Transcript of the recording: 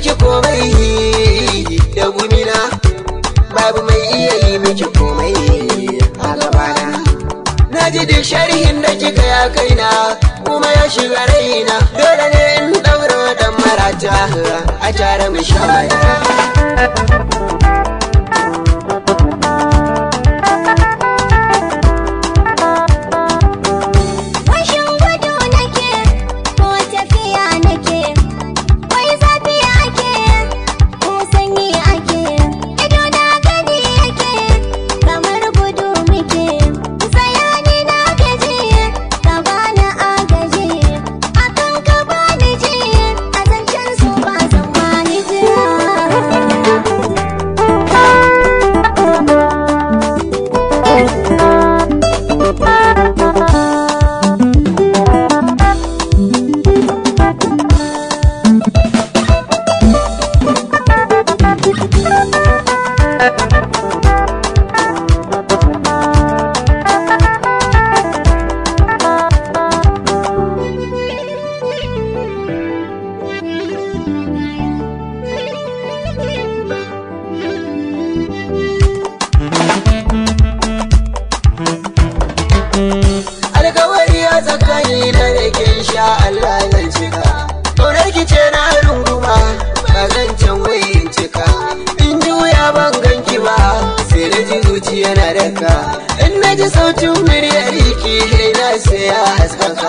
miki komai da gumina babu mai iya yi miki komai a gabana na ji duk sharhin da kika ya kaina kuma ya shiga raina dole ne in daura wadan marata a tare mu shawara. yana ka in na ji sautin muryar ki na sai ya haskaka